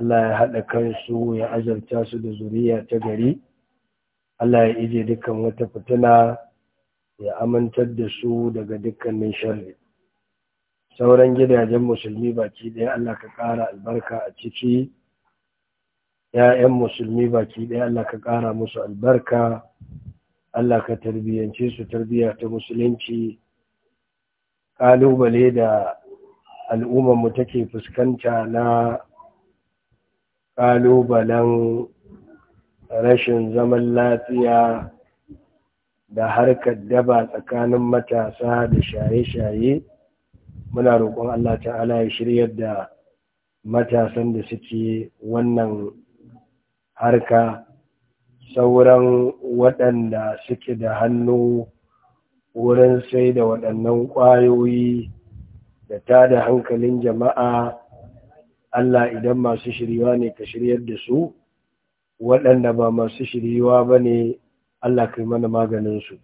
Allah ya haɗa kansu ya azarta su da zuriya ta gari Allah ya ije dukkan wata fitina ya amintar da su daga dukkanin sharri sauran gidajen musulmi baki ɗaya Allah ka ƙara albarka a ciki ‘ya'yan musulmi baki ɗaya Allah ka ƙara musu albarka Allah ka tarbiyyance su tarbiyya ta musulunci ƙalubale da al’ummanmu take fuskanta na Kalubalen rashin zaman lafiya da harkar daba tsakanin matasa da shaye-shaye muna roƙon Allah ta'ala ya shiryar da matasan da suke wannan harka sauran waɗanda suke da hannu wurin sai da waɗannan ƙwayoyi da ta da hankalin jama'a Allah idan masu shiriwa ne ka shiryar da su waɗanda ba masu shiriwa ba ne Allah kai mana maganinsu.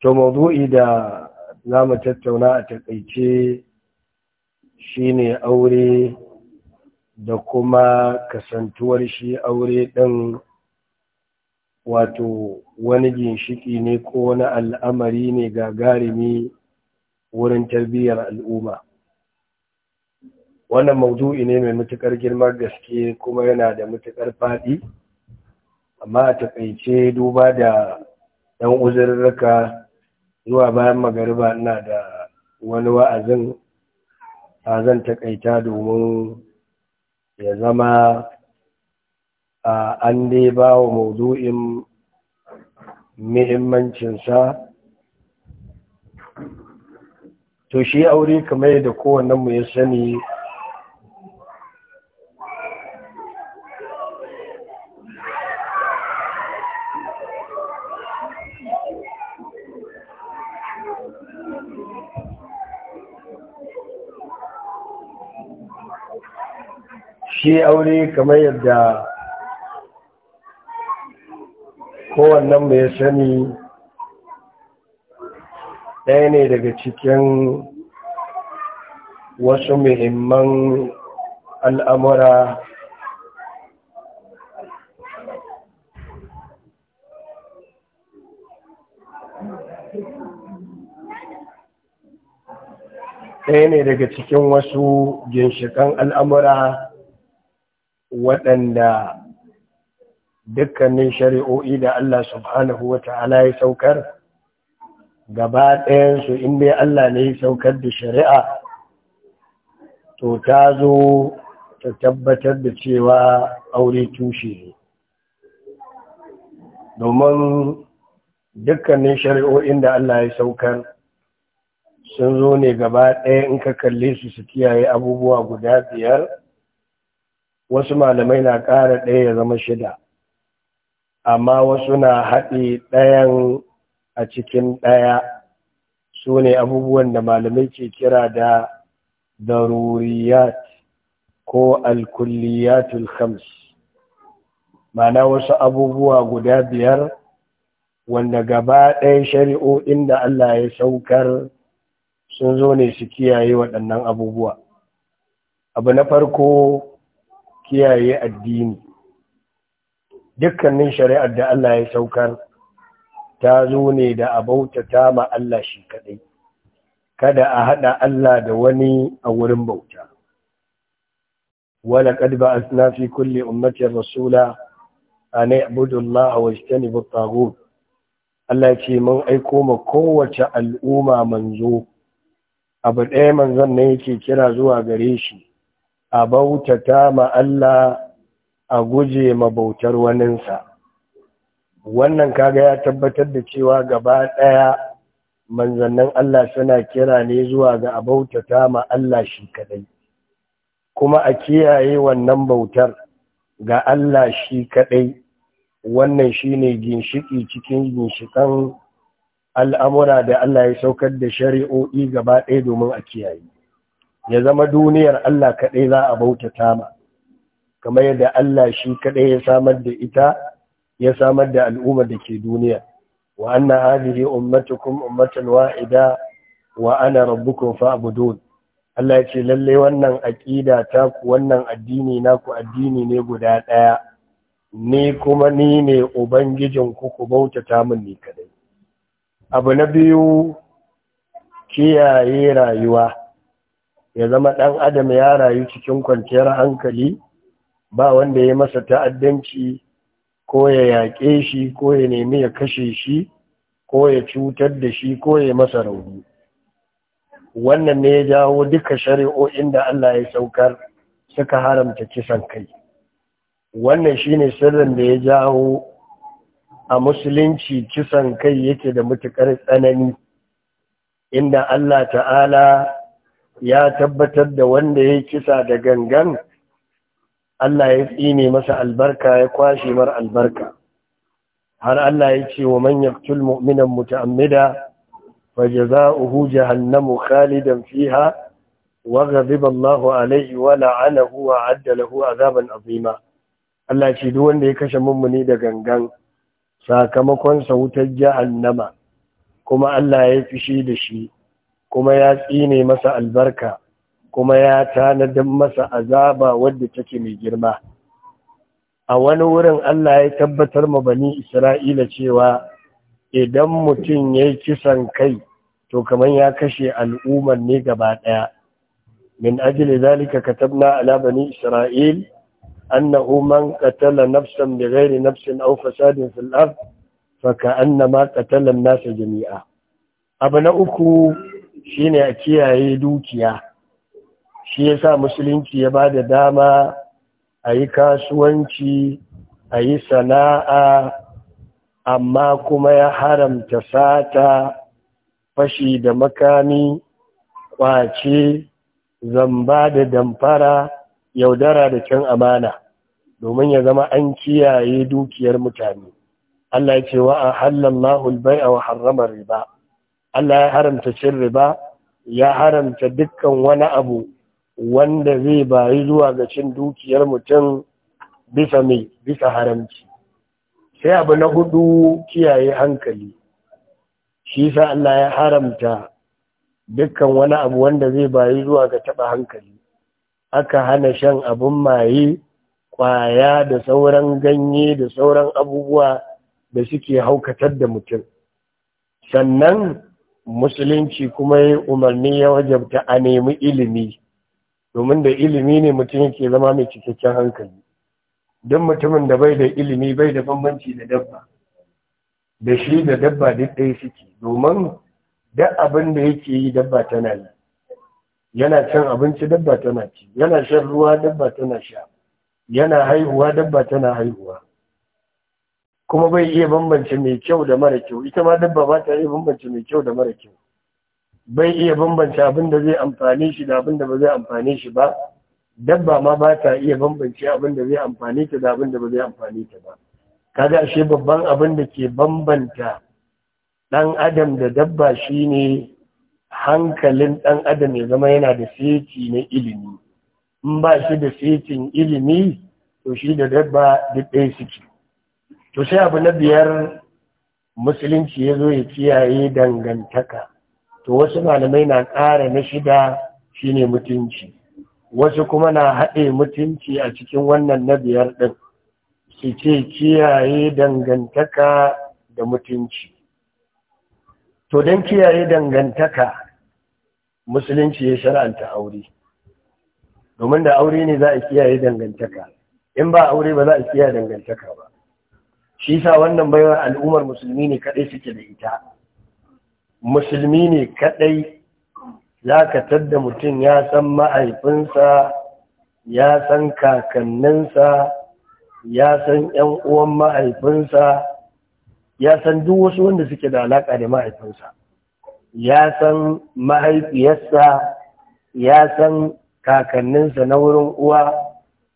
To, mazu'i da za mu tattauna a taƙaice shi ne aure da kuma kasantuwar shi aure ɗan, wato wani ginshiƙi ne ko wani al'amari ne gagarumi wurin tarbiyyar al'umma. wannan maudu'i ne mai matukar girmar gaske kuma yana da matukar faɗi amma a taƙaice duba da ɗan uzurruka, zuwa bayan magariba ina da wani wa'azin a zan taƙaita domin ya zama a an dai ba wa maudu'in muhimmancinsa to shi aure kamar da kowannenmu ya sani shi aure kamar yadda kowannan mai sani ɗaya ne daga cikin wasu muhimman al'amura ɗaya ne daga cikin wasu ginshiƙan al'amura waɗanda dukkanin shari'o'i da Allah subhanahu wa ta'ala ya saukar gaba ɗayansu in dai Allah ne ya saukar da shari'a to ta zo ta tabbatar da cewa aure tushe ne domin dukkanin shari'o'in da Allah ya saukar sun zo ne gaba ɗaya in ka kalle su su kiyaye abubuwa guda biyar wasu malamai na ƙara ɗaya ya zama shida amma wasu na haɗe ɗayan a cikin ɗaya su ne abubuwan da malamai ke kira da daruriyat ko alkulliyatul khams mana wasu abubuwa guda biyar wanda gaba ɗaya shari'o'in da Allah ya saukar sun zo ne su kiyaye waɗannan abubuwa abu na farko kiyaye addini dukkanin shari'ar da Allah ya saukar ta zo ne da abauta ta ma Allah shi kadai kada a hada Allah da wani a wurin bauta wala qad ba'athna fi kulli ummati rasula an i'budu Allah wa ijtanibu at-taghut Allah ce mun aiko ma kowace al'umma manzo abu ɗaya manzon ne yake kira zuwa gare shi a bautata ma Allah a guje ma bautar waninsa wannan kaga ya tabbatar da cewa gaba ɗaya manzannin Allah suna kira ne zuwa ga a bautata ma Allah shi kadai kuma a kiyaye wannan bautar ga Allah shi kadai wannan shine ginshiki cikin ginshikan al'amura da Allah ya saukar da shari'o'i gaba ɗaya domin a kiyaye ya zama duniyar Allah kaɗai za a bauta tama, kamar yadda Allah shi kaɗai ya samar da ita ya samar da al'ummar da ke duniya wa anna hadhihi ummatukum ummatan wa'ida wa ana rabbukun fa’abudun. Allah ya ce lalle wannan aƙida ta ku wannan addini naku addini ne guda ɗaya ni kuma ni ne ubangijin ku ku bautata min ni kaɗai abu na biyu kiyaye rayuwa ya zama ɗan adam ya rayu cikin kwanciyar hankali ba wanda ya masa ta'addanci ko ya yaƙe shi ko ya nemi ya kashe shi ko ya cutar da shi ko ya masa rauni wannan ne ya jawo duka shari'o'in da Allah ya saukar suka haramta kisan kai wannan shine sirrin da ya jawo a musulunci kisan kai yake da matuƙar tsanani inda Allah ta'ala ya tabbatar da wanda ya kisa da gangan Allah ya tsine masa albarka ya kwashe mar albarka har Allah ya ce wa manyan yaqtul mu'minan muta'ammida fajza'uhu jahannamu khalidan fiha wa ghadiba Allahu alayhi wa la'anahu wa 'adda lahu 'adaban 'azima Allah ce duk wanda ya kashe mummuni da gangan sakamakon sa wutar jahannama kuma Allah ya fishi da shi kuma ya tsine masa albarka kuma ya tanadin masa azaba wadda take mai girma a wani wurin Allah ya tabbatar ma bani Isra'ila cewa idan mutum ya yi kisan kai to kamar ya kashe al'ummar ne gaba ɗaya min ajili zalika katabna ala bani Isra'il annahu man qatala nafsan bighairi nafsin aw fasadin fil ard fa ka'annama qatala an-nasa jami'a abu na uku shine a kiyaye dukiya shi yasa musulunci ya ba da dama a yi kasuwanci a yi sana'a amma kuma ya haramta sata fashi da makami kwace zamba da damfara yaudara da can amana domin ya zama an kiyaye dukiyar mutane Allah ya ce wa a halallahu albai'a wa harramar riba Allah ya haramta cin riba ya haramta dukkan wani abu wanda zai bayi zuwa ga cin dukiyar mutum bisa mai bisa haramci sai abu na hudu kiyaye hankali shi sa Allah ya haramta dukkan wani abu wanda zai bayi zuwa ga taba hankali aka hana shan abun maye kwaya da sauran ganye da sauran abubuwa da suke haukatar da mutum sannan musulunci kuma ya umarni ya wajabta a nemi ilimi domin da ilimi ne mutum yake zama mai cikakken hankali don mutumin da bai da ilimi bai da bambanci da dabba da shi da dabba duk ɗaya suke domin duk abin da yake yi dabba tana yi yana cin abinci dabba tana ci yana shan ruwa dabba tana sha yana haihuwa dabba tana haihuwa kuma bai iya bambance mai kyau da mara kyau ita ma dabba ba ta iya bambance mai kyau da mara kyau bai iya bambance abin da zai amfane shi da abin da ba zai amfane shi ba dabba ma ba ta iya bambance abin da zai amfane ta da abin da ba zai amfane ta ba kaga ashe babban abin da ke bambanta dan adam da dabba shine hankalin dan adam ya zama yana da seti na ilimi in ba shi da setin ilimi to shi da dabba duk ɗaya suke to sai abu na biyar musulunci ya zo ya kiyaye dangantaka to wasu malamai na ƙara na shida shine mutunci wasu kuma na haɗe mutunci a cikin wannan na biyar ɗin su ce kiyaye dangantaka da mutunci to don kiyaye dangantaka musulunci ya shara'anta aure domin da aure ne za a kiyaye dangantaka in ba aure ba za a kiyaye dangantaka ba shi sa wannan baiwar al'ummar musulmi ne kadai suke da ita musulmi ne kadai za ka tadda mutum ya san ma'aifinsa ya san kakanninsa ya san ‘yan uwan ma'aifinsa ya san duk wasu wanda suke da alaƙa da ma'aifinsa ya san mahaifiyarsa ya san kakanninsa na wurin uwa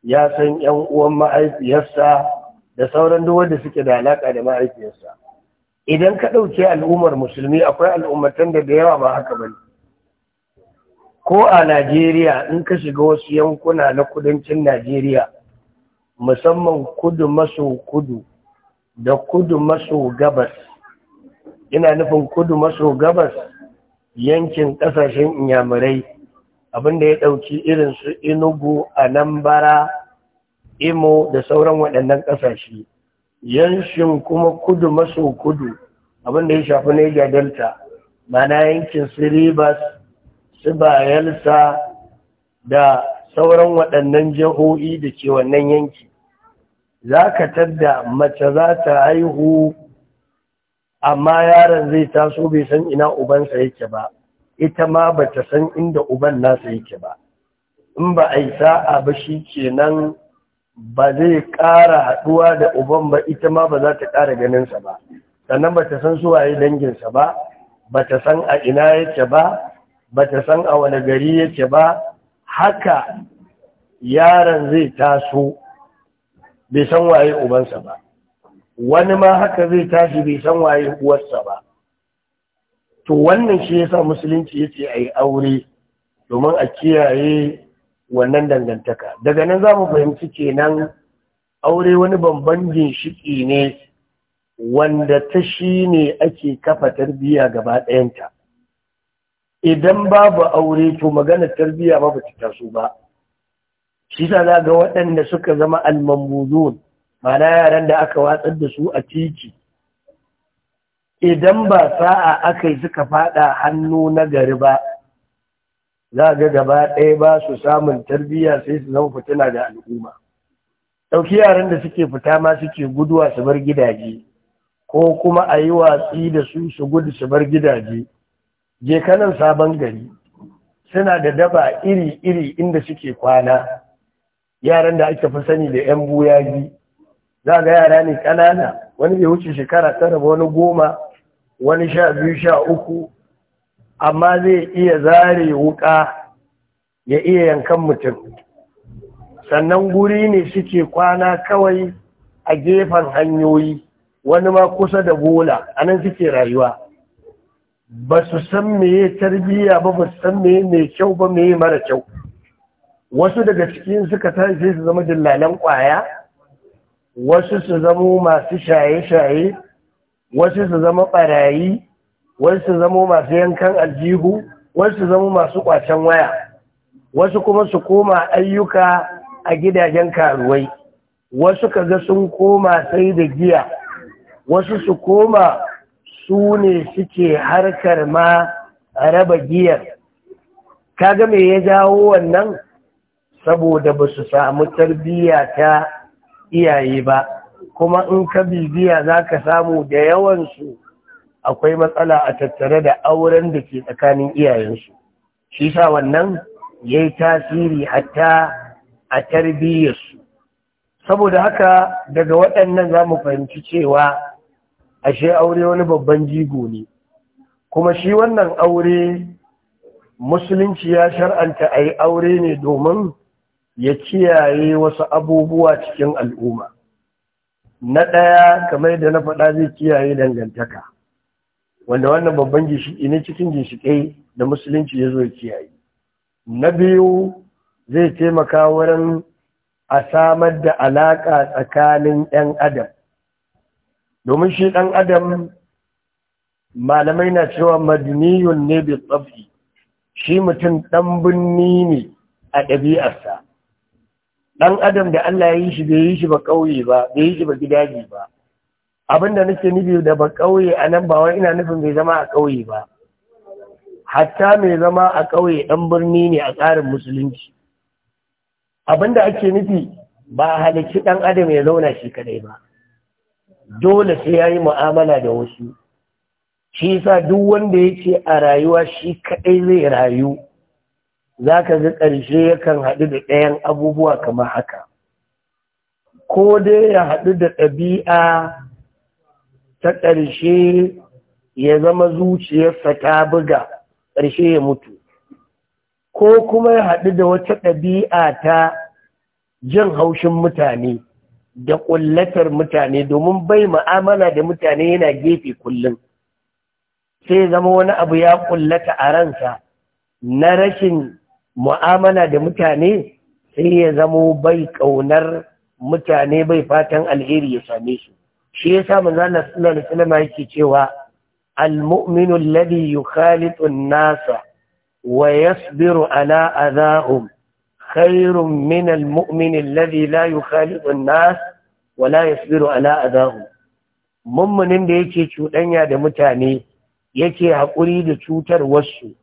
ya san ‘yan uwan mahaifiyarsa da sauran duk wanda suke da alaka da mahaifiyarsa idan ka ɗauke al'ummar musulmi akwai al'ummatan da da yawa ba haka bane ko a Najeriya in ka shiga wasu yankuna na kudancin Najeriya musamman kudu maso kudu da kudu maso gabas ina nufin kudu maso gabas yankin ƙasashen inyamurai abinda ya ɗauki irin su inugu anambara imo da sauran waɗannan ƙasashe yanshin kuma kudu maso kudu abinda ya shafi niger delta mana yankin siribas su da sauran waɗannan jihohi da ke wannan yanki za ka tadda mace za ta haihu amma yaron zai taso bai san ina ubansa yake ba ita ma ba ta san inda uban nasa yake ba in ba a yi sa'a ba shi kenan ba zai ƙara haɗuwa da uban ba ita ma ba za ta ƙara ganinsa ba sannan ba ta san suwaye danginsa ba ba ta san a ina yake ba ba ta san a wani gari yake ba haka yaron zai taso bai san waye ubansa ba wani ma haka zai tashi bai san waye uwarsa ba to wannan shi yasa musulunci yace ayi aure domin a kiyaye wannan dangantaka daga nan za mu fahimci kenan aure wani bamban ginshiƙi ne wanda ta shi ne ake kafa tarbiyya gaba ɗayanta idan babu aure to magana tarbiyya ba ta taso ba shi sa za ga waɗanda suka zama almambuzun mana yaran da aka watsar da su a titi idan ba sa'a aka yi suka fada hannu na gari ba za ga gaba ɗaya ba su samun tarbiyya sai su zama fitina da al'umma ɗauki yaran da suke fita ma suke guduwa su bar gidaje ko kuma a yi watsi da su su gudu su bar gidaje je kanan sabon gari suna da daba iri-iri inda suke kwana yaran da ake fi sani da 'yan buyaji za ga yara ne ƙanana wani bai wuce shekara tara wani goma wani sha biyu sha uku amma zai iya zare wuka ya iya yankan mutum sannan guri ne suke kwana kawai a gefen hanyoyi wani ma kusa da bola anan suke rayuwa ba su san meye tarbiyya ba ba su san meye mai kyau ba meye mara kyau wasu daga cikin suka tashi su zama dillalan kwaya wasu su zama masu shaye-shaye wasu su zama barayi wasu zamo masu yankan aljihu wasu zamo masu kwacen waya wasu kuma su koma ayyuka a gidajen karuwai wasu kaga sun koma sai da giya wasu su koma su ne suke harkar ma a raba giyar ga me ya jawo wannan saboda ba su samu tarbiyya ta iyaye ba kuma in ka bibiya za ka samu da yawansu akwai matsala a tattare da auren da ke tsakanin iyayensu shi sa wannan ya yi tasiri hatta a tarbiyyarsu saboda haka daga waɗannan za mu fahimci cewa ashe aure wani babban jigo ne kuma shi wannan aure musulunci ya shar'anta a yi aure ne domin ya kiyaye wasu abubuwa cikin al'umma na ɗaya kamar da na faɗa zai kiyaye dangantaka wanda wannan babban gishiki ne cikin gishikai da musulunci ya zo kiyaye na biyu zai taimaka wurin a samar da alaƙa tsakanin ɗan adam domin shi ɗan adam malamai na cewa madaniyun ne bi tsafi shi mutum ɗan binni ne a ɗabi'arsa ɗan adam da Allah ya yi shi bai yi shi ba ƙauye ba bai yi shi ba gidaje ba abinda nake nufi da ba ƙauye a nan ba wai ina nufin mai zama a kauye ba hatta mai zama a ƙauye ɗan birni ne a tsarin musulunci Abin abinda ake nufi ba a halicci ɗan adam ya zauna shi kadai ba dole sai ya yi mu'amala da wasu shi sa duk wanda ya ce a rayuwa shi kadai zai rayu za ka ga ƙarshe yakan haɗu da ɗayan abubuwa kamar haka ko dai ya haɗu da ɗabi'a ta ƙarshe ya zama zuciyarsa ta buga ƙarshe ya mutu ko kuma ya haɗu da wata ɗabi'a ta jin haushin mutane da ƙullatar mutane domin bai ma'amala da mutane yana gefe kullum sai zama wani abu ya ƙullata a ransa na rashin mu'amala da mutane sai ya zamo bai ƙaunar mutane bai fatan alheri ya same su shi ya manzo Allah sallallahu alaihi yake cewa al-mu'minu ladi yi khalitun nasa wa yasbiru ala ladi la yi khalitun nasa wa la ya sabiru ala a za'um mummunin da yake cuɗanya da mutane yake haƙuri da cutar wasu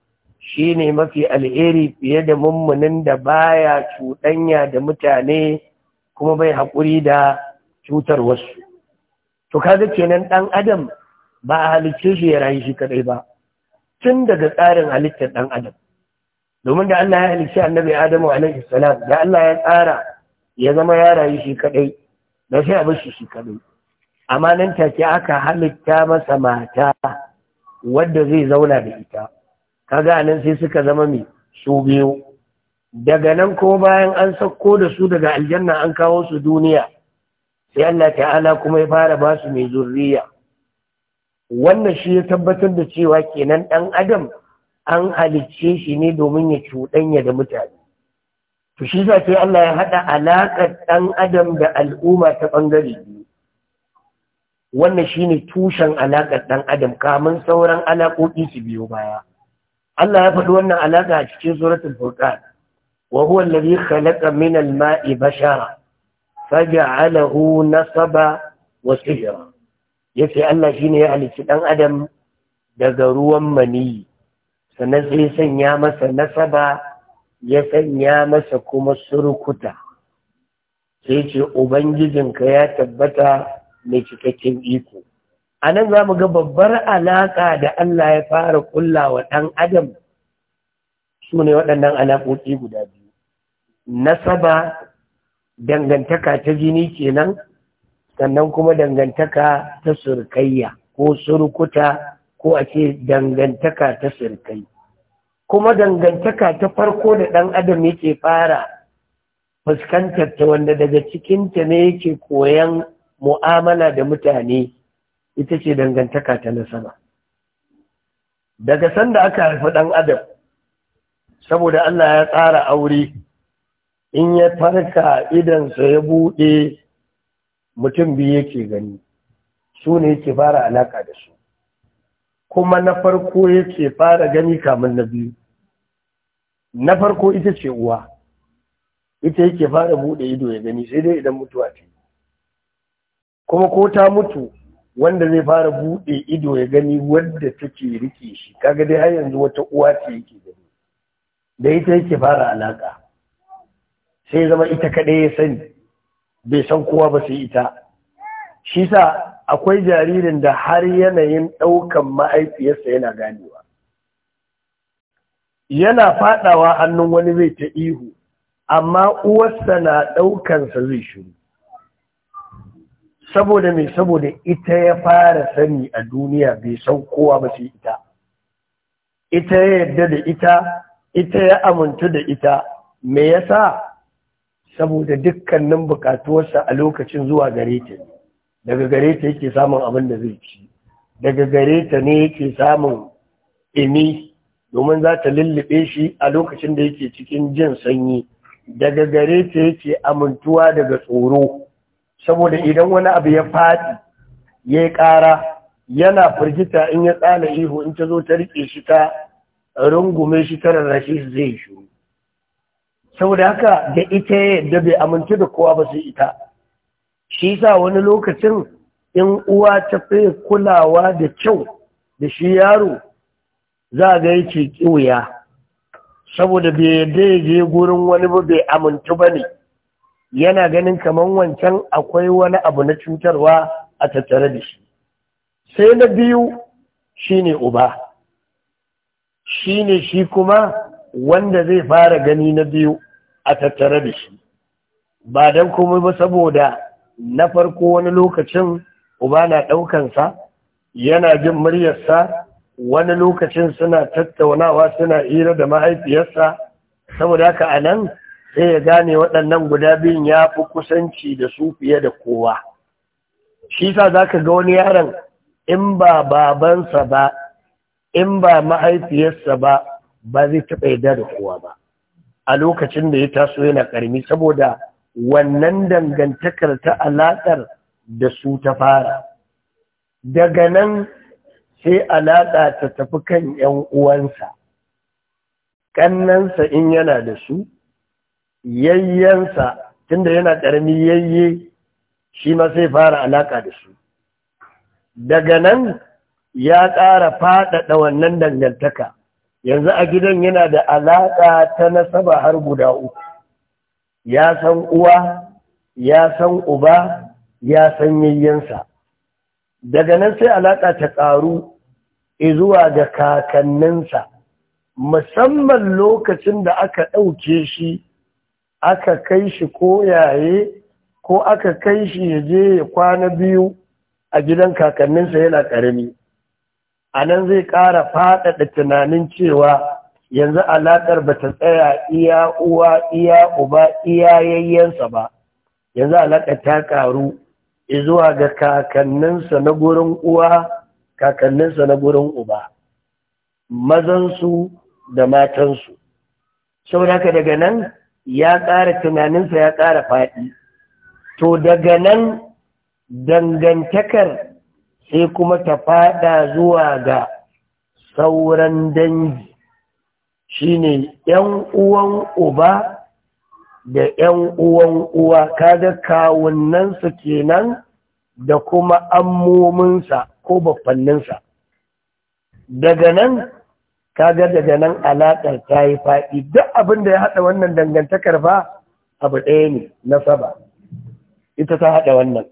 shi ne mafi alheri fiye da mummunin da baya cuɗanya da mutane kuma bai haƙuri da cutar wasu to kaga kenan ɗan adam ba a halicce shi ya rayu shi kaɗai ba tun daga tsarin halittar ɗan adam domin da Allah ya halicci annabi Adamu alaihi salam da Allah ya tsara ya zama ya rayu shi kaɗai da sai a shi shi kaɗai amma nan take aka halitta masa mata wadda zai zauna da ita kaga nan sai suka zama mai su biyu daga nan ko bayan an sauko da su daga aljanna an kawo su duniya sai Allah ta'ala kuma ya fara ba su mai zurriya wannan shi ya tabbatar da cewa kenan ɗan adam an halicce shi ne domin ya cuɗanya da mutane to shi sai Allah ya haɗa alaƙar ɗan adam da al'umma ta ɓangare biyu wannan shi ne tushen alaƙar ɗan adam kamun sauran alaƙoƙi su biyo baya Allah ya faɗi wannan alaƙa a cikin suratul furqan wa huwa alladhi khalaqa min al-ma'i bashara faja'alahu nasaba wa sihra yace Allah shine ya halicci ɗan adam daga ruwan mani. sannan sai sanya masa nasaba ya sanya masa kuma surukuta. sai ce ka ya tabbata mai cikakken iko a nan za mu ga babbar alaƙa da Allah ya fara kulla wa ɗan adam su ne waɗannan alaƙoƙi guda biyu nasaba dangantaka ta jini kenan sannan kuma dangantaka ta surkayya ko surkuta ko a ce dangantaka ta surkai kuma dangantaka ta farko da ɗan adam yake fara fuskantar ta wanda daga cikinta ne yake koyan mu'amala da mutane ita ce dangantaka ta nasaba daga sanda aka haifi ɗan adam saboda Allah ya tsara aure in ya farka idansa ya buɗe mutum biyu yake gani su ne yake fara alaka da su kuma na farko yake fara gani kamun na biyu na farko ita ce uwa ita yake fara buɗe ido ya gani sai dai idan mutuwa ce kuma ko ta mutu wanda zai fara buɗe ido ya gani wadda take rike shi kaga dai har yanzu wata uwa ce yake gani da ita yake fara alaka sai zama ita kaɗai ya sani bai san kowa ba sai ita shi sa akwai jaririn da har yanayin ɗaukan ma'aifiyarsa yana ganewa yana faɗawa hannun wani zai ta ihu amma uwarsa na ɗaukansa zai shiru saboda mai saboda ita ya fara sani a duniya bai san kowa ba sai ita ita ya yarda da ita ita ya amintu da ita me yasa saboda dukkanin bukatuwarsa a lokacin zuwa gare ta daga gare ta yake samun abin da zai ci daga gare ta ne yake samun imi domin za ta lullube shi a lokacin da yake cikin jin sanyi daga gare ta yake amintuwa daga tsoro saboda idan wani abu ya faɗi ya yi ƙara yana firgita in ya tsala ihu in ta zo ta riƙe shi ta rungume shi ta rarrashe shi zai shuru saboda haka da ita yadda bai amince da kowa ba sai ita shi sa wani lokacin in uwa ta fi kulawa da kyau da shi yaro za ga ya ce saboda bai yadda ya je gurin wani ba bai amintu ba ne yana ganin kamar wancan akwai wani abu na cutarwa a tattare da shi sai na biyu shine uba shine shi kuma wanda zai fara gani na biyu a tattare da shi ba don komai ba saboda na farko wani lokacin uba na ɗaukansa yana jin muryarsa wani lokacin suna tattaunawa suna hira da mahaifiyarsa saboda haka a nan sai ya gane waɗannan guda biyun ya fi kusanci da su fiye da kowa shi sa za ka ga wani yaron in ba babansa ba in ba mahaifiyarsa ba ba zai taɓa yarda da kowa ba a lokacin da ya taso yana ƙarami saboda wannan dangantakar ta alaƙar da su ta fara daga nan sai alaƙa ta tafi kan ‘yan uwansa ƙannansa in yana da su yayyensa tunda yana ƙarami yayye shi ma sai fara alaƙa da su daga nan ya ƙara faɗaɗa wannan dangantaka yanzu a gidan yana da alaƙa ta nasaba har guda uku ya san uwa ya san uba ya san yayyansa daga nan sai alaƙa ta ƙaru zuwa ga kakanninsa musamman lokacin da aka ɗauke shi aka kai shi ko yaye ko aka kai shi ya je ya kwana biyu a gidan kakanninsa yana ƙarami a nan zai ƙara faɗaɗa tunanin cewa yanzu alaƙar ba ta tsaya iya uwa iya uba iya yayyensa ba yanzu alaƙar ta ƙaru zuwa ga kakanninsa na gurin uwa kakanninsa na gurin uba mazansu da matansu haka daga nan ya ƙara tunaninsa ya ƙara faɗi to daga nan dangantakar sai kuma ta fada zuwa ga sauran dangi shine yan uwan uba da yan uwan uwa kaga kawunnansa kenan da kuma ammominsa ko baffanninsa. daga nan kaga daga nan alaƙar ta yi faɗi duk abin da ya haɗa wannan dangantakar ba abu ɗaya ne na saba ita ta haɗa wannan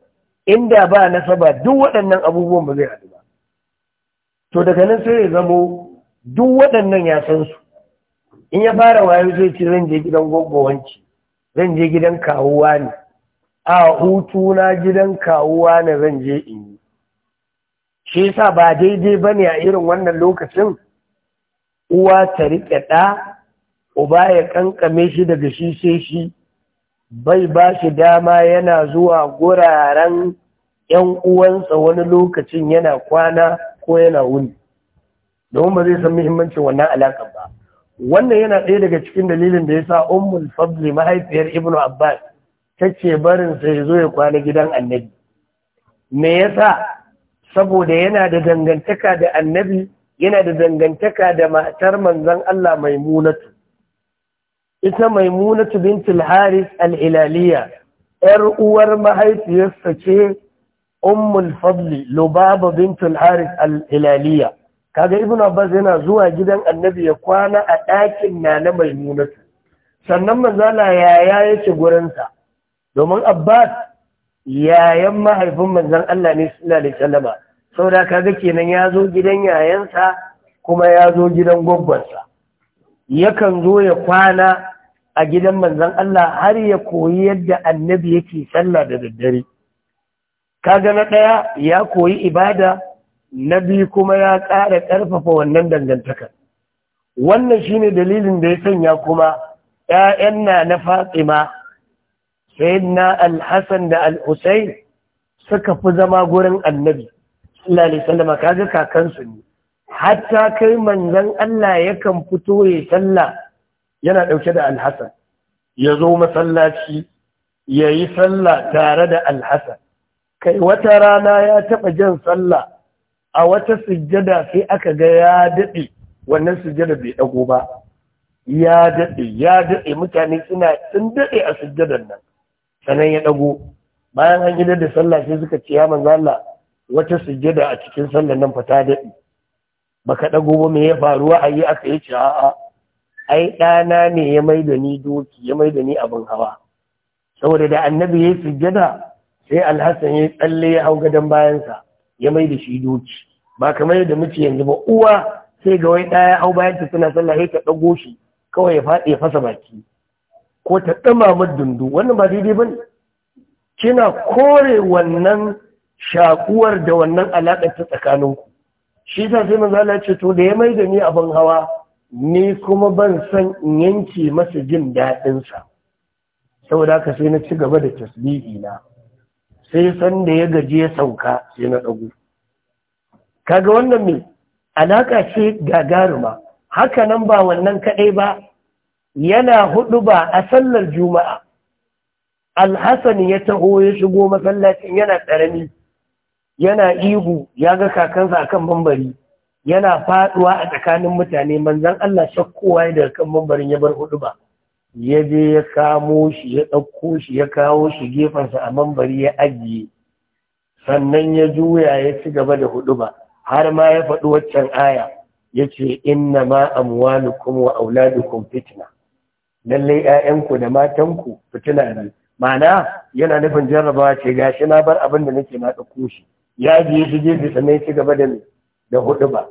inda ba nasaba duk waɗannan abubuwan ba zai haɗu ba to daga nan sai ya zamo duk waɗannan ya san su in ya fara wayo zai ce zan je gidan gwaggwawanci zan je gidan kawuwa ne a hutu na gidan kawuwa ne zan je in yi shi yasa ba daidai ba ne a irin wannan lokacin uwa ta riƙe ɗa uba ya ƙanƙame shi daga shi sai shi bai ba shi dama yana zuwa guraren ‘yan uwansa wani lokacin yana kwana ko yana wuni, domin ba zai san muhimmancin wannan alaƙar ba. Wannan yana ɗaya daga cikin dalilin da ya sa Ummul Fadli mahaifiyar Ibn Abbas ta barin barinsa ya zo ya kwana gidan annabi. Me ya sa, saboda yana da dangantaka da annabi, yana da dangantaka da matar manzon Allah maimunatu. ita maimunatu bintul haris al yar uwar mahaifiyarsa ce ummul fadli lubaba bintul haris al kaga ibnu abbas yana zuwa gidan annabi ya kwana a ɗakin na na maimunatu sannan manzala yaya yake gurinsa domin abbas yayan mahaifin manzan Allah ne da alaihi sau saboda kaga kenan ya zo gidan yayansa kuma ya zo gidan gwaggwansa yakan zo ya kwana a gidan manzan Allah har ya koyi yadda annabi yake sallah da daddare kaga na ɗaya ya koyi ibada na biyu kuma ya ƙara ƙarfafa wannan dangantaka wannan shine dalilin da ya sanya kuma ‘ya'yan na na fatima sayyidina al-hassan da al-husayn suka fi zama gurin annabi sallallahu alaihi wasallam kaga kakansu ne hatta kai manzan Allah yakan fito ya sallah yana ɗauke da alhassan ya zo masallaci ya yi sallah tare da alhassan kai wata rana ya taɓa jan sallah a wata sujjada sai aka ga ya daɗe wannan sujjada bai ɗago ba ya daɗe ya daɗe mutane suna sun daɗe a sujjadan nan sannan ya ɗago bayan an yi da sallah sai suka ce ya wata sujjada a cikin sallar nan fa ta daɗe baka ɗago ba me ya faruwa a yi aka yi a'a ai ɗana ne ya mai da ni doki ya mai da ni abin hawa saboda da annabi ya yi sujjada sai alhassan ya tsalle ya hau gadon bayansa ya mai da shi doki ba kamar yadda muke yanzu ba uwa sai ga wai ɗaya hau bayan ta suna sallah sai ta ɗago shi kawai ya faɗi ya fasa baki ko ta ɗama dundu wannan ba daidai ba ne kina kore wannan shaƙuwar da wannan alaƙar ta tsakaninku shi ta sai manzo ce to da ya mai da ni abin hawa ni kuma ban san in yanke masa jin daɗin sa saboda haka sai na ci gaba da tasbihi na sai san da ya gaje ya sauka sai na dago kaga wannan me alaka ce gagaruma haka nan ba wannan kaɗai ba yana hudu ba a sallar juma'a alhassan ya taho ya shigo masallacin yana karami yana ihu ya ga kakansa akan mambari yana faduwa a tsakanin mutane manzan Allah shakkowa ya daga kan mambarin ya bar hudu ba ya je ya kamo shi ya ɗauko shi ya kawo shi gefensa a mambari ya ajiye sannan ya juya ya ci gaba da hudu ba har ma ya faɗi waccan aya ya ce inna ma amwalukum wa auladukum fitna lallai 'ya'yanku da matanku fitina ne ma'ana yana nufin jarrabawa ce gashi na bar abin da nake na ɗauko shi ya biye shi je sannan sanai ci gaba da da hudu ba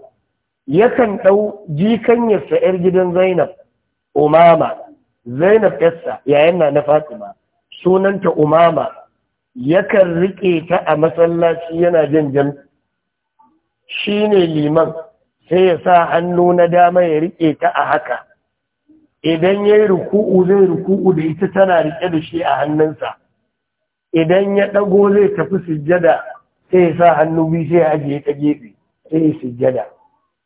yakan ɗau jikanyarsa 'yar gidan zainab umama zainab yarsa yayin na na fatima sunanta umama yakan riƙe ta a masallaci yana jan shine shi ne liman sai ya sa hannu na dama ya riƙe ta a haka idan ya yi ruku'u zai ruku'u da ita tana riƙe da shi a hannunsa idan ya ɗago zai tafi sujjada sai ya sa hannu biyu sai ya ajiye ta gefe sai ya sujjada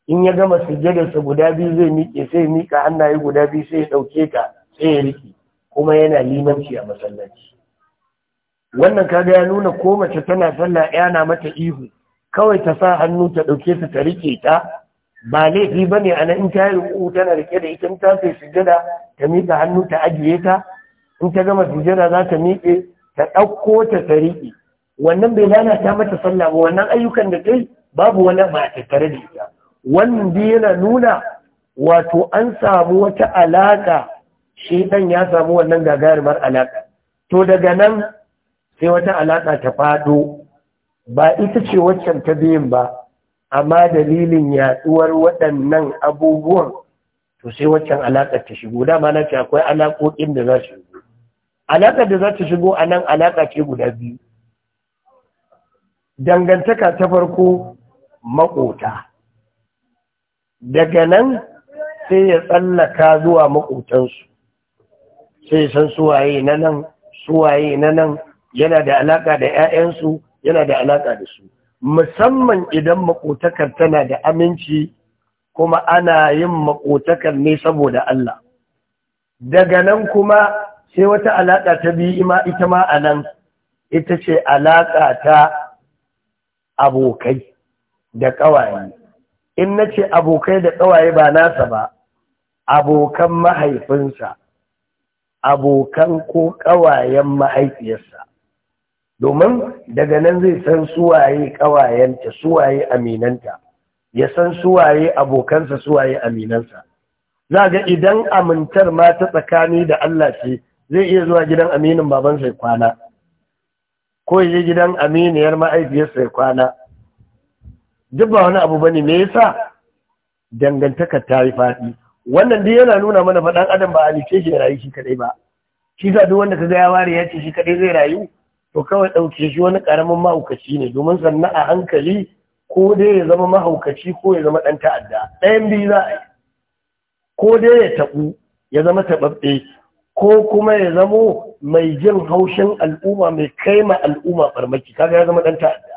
in ya gama sujjadarsa guda biyu zai miƙe sai ya miƙa hannaye guda biyu sai ya ɗauke ta sai ya riƙe kuma yana limanci a masallaci wannan kaga ya nuna ko mace tana sallah na mata ihu kawai ta sa hannu ta ɗauke ta ta riƙe ta ba laifi ba ne a nan in ta yi ruku tana riƙe da ita in ta sai sujjada ta miƙa hannu ta ajiye ta in ta gama sujjada za ta miƙe ta ɗauko ta ta riƙe wannan bai lalata mata sallah ba wannan ayyukan da kai babu wani ba tattare da ita wannan dai yana nuna wato an samu wata alaka shedan ya samu wannan gagarumar alaka to daga nan sai wata alaka ta fado ba ita ce waccan ta biyin ba amma dalilin yaduwar waɗannan abubuwan to sai waccan alaƙar ta shigo dama na ce akwai alaƙoƙin da za su shigo alaƙar da za ta shigo a nan alaƙa ce guda biyu dangantaka ta farko maƙota daga nan sai ya tsallaka zuwa maƙotansu sai san suwaye na nan suwaye na nan yana da alaƙa da 'ya'yansu yana da alaƙa da su musamman idan maƙotakar tana da aminci kuma ana yin maƙotakar ne saboda Allah daga nan kuma sai wata alaƙa ta biyu ita ma a nan ita ce alaƙa ta abokai da ƙawaye in na ce abokai da ƙawaye ba nasa ba abokan mahaifinsa abokan ko ƙawayen mahaifiyarsa domin daga nan zai san suwaye ƙawayenta suwaye aminanta ya san suwaye abokansa suwaye aminansa za ga idan amintar ma ta tsakani da Allah ce zai iya zuwa gidan aminin babansa ya kwana ko ya gidan aminiyar ma'aikiyarsa ya kwana duk ba wani abu bane me yasa dangantaka ta yi faɗi wannan dai yana nuna mana faɗan adam ba a nice shi rayu shi kadai ba shi za duk wanda kaga ya ware ya ce shi kadai zai rayu to kawai ɗauke shi wani ƙaramin mahaukaci ne domin sannan a hankali ko dai ya zama mahaukaci ko ya zama ɗan ta'adda ɗayan biyu za a yi ko dai ya taɓu ya zama taɓaɓɓe ko kuma ya zamo mai jin haushin al'umma mai kai ma al'umma farmaki kaga ya zama dan ta'adda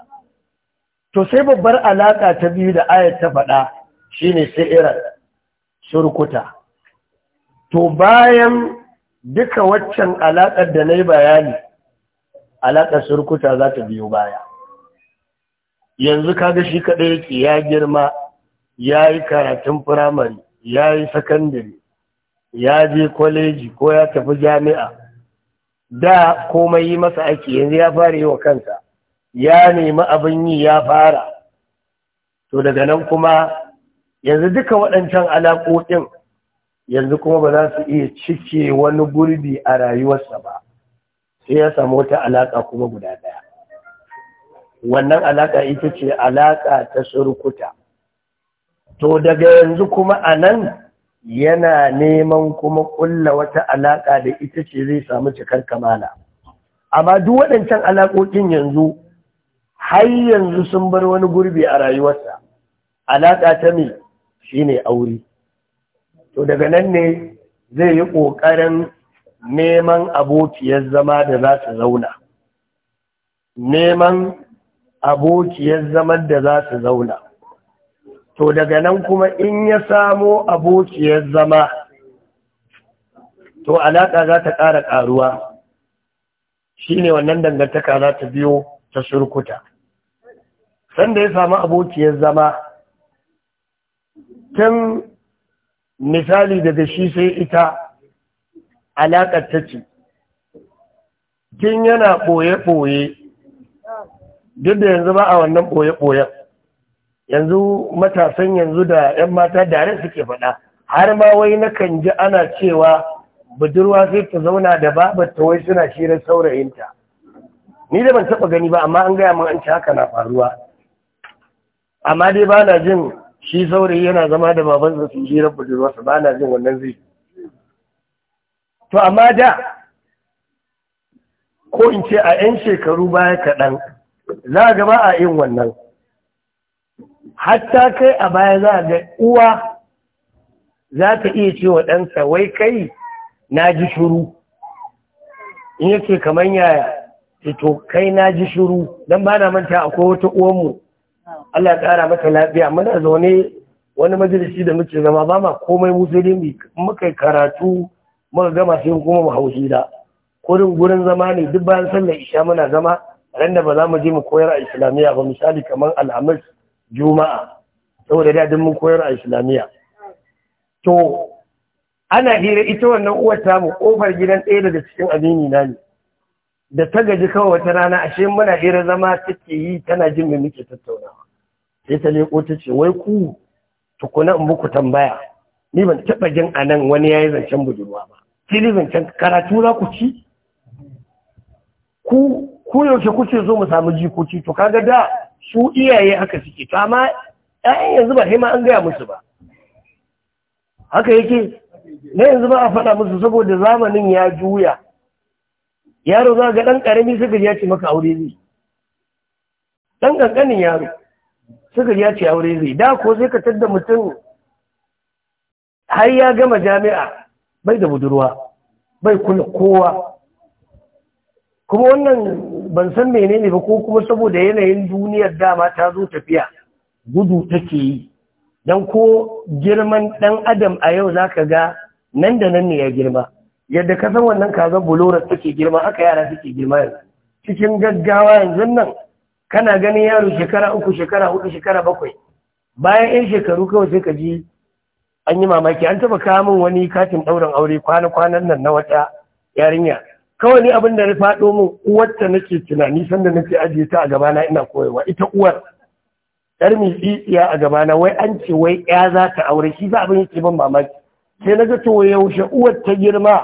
to sai babbar alaka ta biyu da ayat ta faɗa shine irin surkuta to bayan duka waccan alaƙar da na yi bayani alaƙar surkuta za ta biyo baya yanzu kaga shi kaɗai ya girma ya yi karatun firamare ya yi sakandare ya je kwaleji ko ya tafi jami'a da komai yi masa aiki yanzu ya fara yi wa kansa ya nemi abin yi ya fara to daga nan kuma yanzu duka waɗancan alaƙoƙin yanzu kuma ba za su iya cike wani gurbi a rayuwarsa ba sai ya samu wata alaƙa kuma guda ɗaya wannan alaƙa ita ce alaƙa ta surkuta to daga yanzu kuma a nan yana neman kuma kulla wata alaƙa da ita ce zai samu cikar kamala amma duk waɗancan alaƙoƙin yanzu har yanzu sun bar wani gurbi a rayuwarsa alaƙa ta me shine aure to daga nan ne zai yi ƙoƙarin neman abokiyar zama da za su zauna neman abokiyar zaman da za su zauna to daga nan kuma in ya samo abokiyar zama to alaƙa za ta ƙara ƙaruwa shi ne wannan dangantaka za ta biyo ta surkuta sanda ya samu abokiyar zama tun misali daga shi sai ita alaƙar ta ce tun yana ɓoye-ɓoye duk da yanzu ba a wannan ɓoye-ɓoyen yanzu matasan yanzu da 'yan mata dare suke faɗa har ma wai kan ji ana cewa budurwa sai ta zauna da babar ta wai suna shirin saurayinta ni da ban taɓa gani ba amma an gaya min an ci haka na faruwa amma dai ba na jin shi saurayi yana zama da babansa su budurwa budurwarsa ba na jin wannan zai to amma da ko in ce a 'yan shekaru baya kaɗan za a gaba a yin wannan hatta kai a baya za ga uwa za ta iya cewa ɗansa wai kai na ji shuru in yake kamar yaya eh to kai na ji shuru don ba na manta akwai wata uwanmu Allah ƙara mata lafiya muna zaune wani majalisi da muke zama ba ma komai musulmi muka karatu muka gama sai kuma mu haushi da kurin gurin zama ne duk bayan sallar isha muna zama ran da ba za mu je mu koyar a islamiyya ba misali kamar alhamis juma'a saboda dadin mun koyar a islamiyya to ana hira ita wannan uwar tamu kofar gidan ɗaya daga cikin amini na ne da ta gaji kawai wata rana ashe muna hira zama take yi tana jin me muke tattaunawa sai ta leko ta ce wai ku tukuna in muku tambaya ni ban taɓa jin a nan wani ya yi zancen budurwa ba fili zancen karatu za ku ci ku ku yaushe kuke zo mu samu jikoci to kaga da su iyaye aka suke to amma ɗayan yanzu ba haima an gaya musu ba haka yake na yanzu ba a faɗa musu saboda zamanin ya juya yaro za ga ɗan ƙarami suka ya ce maka aure zai ɗan ƙanƙanin yaro suka ya ce aure zai da ko sai ka tadda mutum har ya gama jami'a bai da budurwa bai kula kowa kuma wannan ban san menene ba ko kuma saboda yanayin duniyar dama ta zo tafiya gudu take yi don ko girman dan adam a yau za ka ga nan da nan ne ya girma yadda ka san wannan kaza bulora take girma haka yara suke girma yanzu cikin gaggawa yanzu nan kana ganin yaro shekara uku shekara hudu shekara bakwai bayan yan shekaru kawai sai ka ji an yi mamaki an taba kawo min wani katin ɗaurin aure kwana-kwanan nan na wata yarinya kawai ni abin da na faɗo min uwarta nake tunani sanda nake ajiye ta a gabana ina koyawa. ita uwar yar mai tsitsiya a gabana wai an ce wai ya za ta aure shi za abin yake ban mamaki sai na ga to yaushe uwar ta girma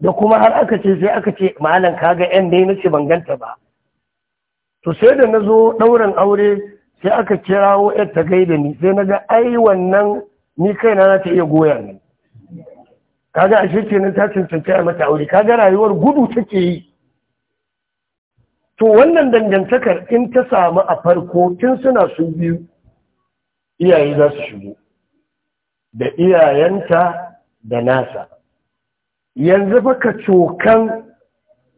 da kuma har aka ce sai aka ce malam kaga yan dai nace ban ganta ba to sai da na zo ɗaurin aure sai aka kirawo yar ta gaida ni sai na ga ai wannan ni kaina na ta iya goya ni kaga ashe nan ta cancanci a mata aure kaga rayuwar gudu take yi to wannan dangantakar in ta samu a farko tun suna su biyu iyaye za su shigo da iyayenta da nasa yanzu baka cokan